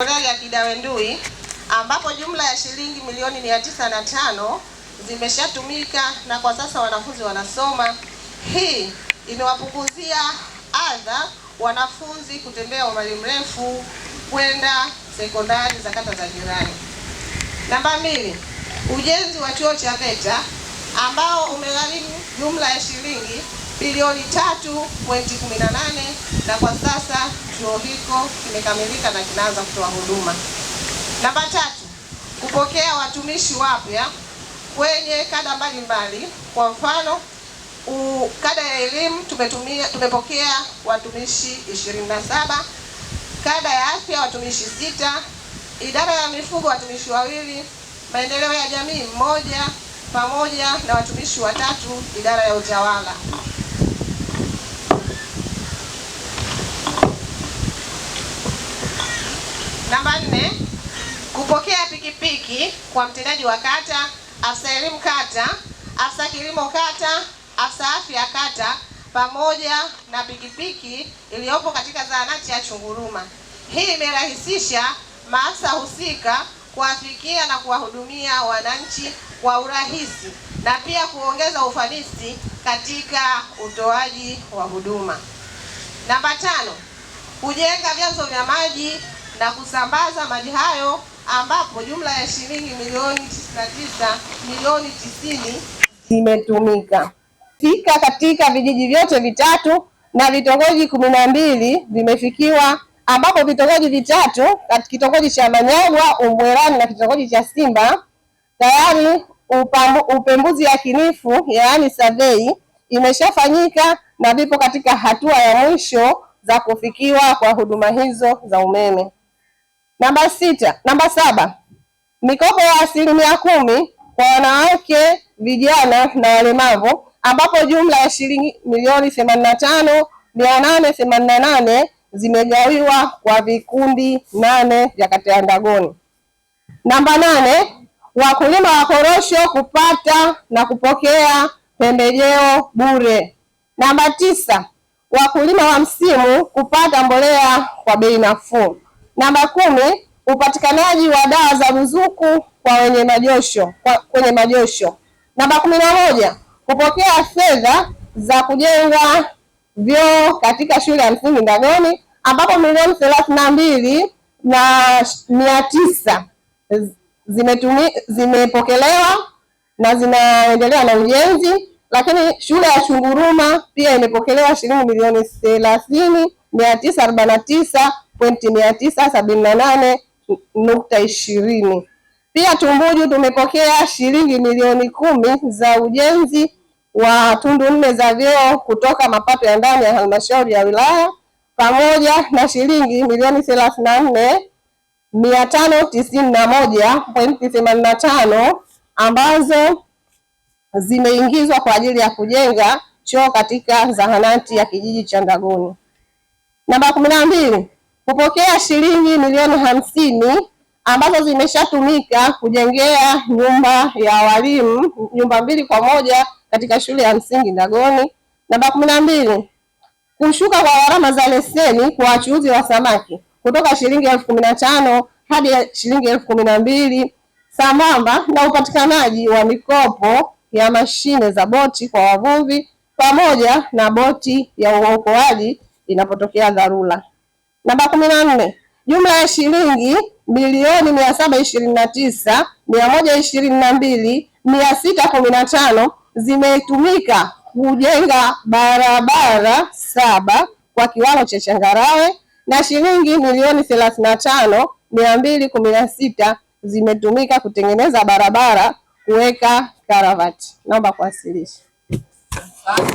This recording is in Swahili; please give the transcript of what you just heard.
Hospitali ya Kidawendui ambapo jumla ya shilingi milioni mia tisa na tano zimeshatumika na kwa sasa wanafunzi wanasoma. Hii imewapunguzia adha wanafunzi kutembea umbali mrefu kwenda sekondari za kata za jirani. Namba mbili, ujenzi wa chuo cha VETA ambao umegharimu jumla ya shilingi bilioni 3.18 na kwa sasa chuo hiko kimekamilika na kinaanza kutoa huduma. Namba tatu, kupokea watumishi wapya kwenye kada mbalimbali. Kwa mfano u, kada ya elimu tumetumia tumepokea watumishi 27, kada ya afya watumishi sita, idara ya mifugo watumishi wawili, maendeleo ya jamii mmoja, pamoja na watumishi watatu idara ya utawala. Namba nne, kupokea pikipiki kwa mtendaji wa kata, afisa elimu kata, afisa kilimo kata, afisa afya kata pamoja na pikipiki iliyopo katika zahanati ya Chunguruma. Hii imerahisisha maafisa husika kuwafikia na kuwahudumia wananchi kwa urahisi na pia kuongeza ufanisi katika utoaji wa huduma. Namba tano, kujenga vyanzo vya maji na kusambaza maji hayo ambapo jumla ya shilingi milioni 99 milioni 90 zimetumika fika katika vijiji vyote vitatu na vitongoji kumi na mbili vimefikiwa ambapo vitongoji vitatu kitongoji cha Manyagwa, Umbwerani na kitongoji cha Simba tayari upembuzi yakinifu yaani survey imeshafanyika na vipo katika hatua ya mwisho za kufikiwa kwa huduma hizo za umeme. Namba sita, namba saba, mikopo ya asilimia kumi kwa wanawake, vijana na walemavu ambapo jumla ya shilingi milioni themanini na tano mia nane themanini na nane zimegawiwa kwa vikundi nane vya kata ya Ndagoni. Namba nane, wakulima wa korosho kupata na kupokea pembejeo bure. Namba tisa, wakulima wa msimu kupata mbolea kwa bei nafuu. Namba kumi, upatikanaji wa dawa za ruzuku kwa wenye majosho kwa, kwenye majosho. Namba kumi na moja, kupokea fedha za kujenga vyoo katika shule ya msingi Ndagoni ambapo milioni thelathini na mbili na mia tisa zimetumi zimepokelewa na zinaendelea na ujenzi, lakini shule ya Chunguruma pia imepokelewa shilingi milioni thelathini mia tisa arobaini na tisa pointi mia tisa sabini na nane nukta ishirini. Pia Tumbuju tumepokea shilingi milioni kumi za ujenzi wa tundu nne za vyoo kutoka mapato ya ndani ya halmashauri ya wilaya pamoja na shilingi milioni thelathini na nne mia tano tisini na moja pointi themanini na tano ambazo zimeingizwa kwa ajili ya kujenga choo katika zahanati ya kijiji cha Ndagoni. Namba kumi na mbili kupokea shilingi milioni hamsini ambazo zimeshatumika kujengea nyumba ya walimu nyumba mbili kwa moja katika shule ya msingi Ndagoni. Namba kumi na mbili, kushuka kwa gharama za leseni kwa wachuuzi wa samaki kutoka shilingi elfu kumi na tano hadi shilingi elfu kumi na mbili sambamba na upatikanaji wa mikopo ya mashine za boti kwa wavuvi pamoja na boti ya uokoaji inapotokea dharura. Namba kumi na nne jumla ya shilingi bilioni mia saba ishirini na tisa mia moja ishirini na mbili mia sita kumi na tano zimetumika kujenga barabara saba kwa kiwango cha changarawe na shilingi milioni thelathini na tano mia mbili kumi na sita zimetumika kutengeneza barabara kuweka karavati. Naomba kuwasilisha.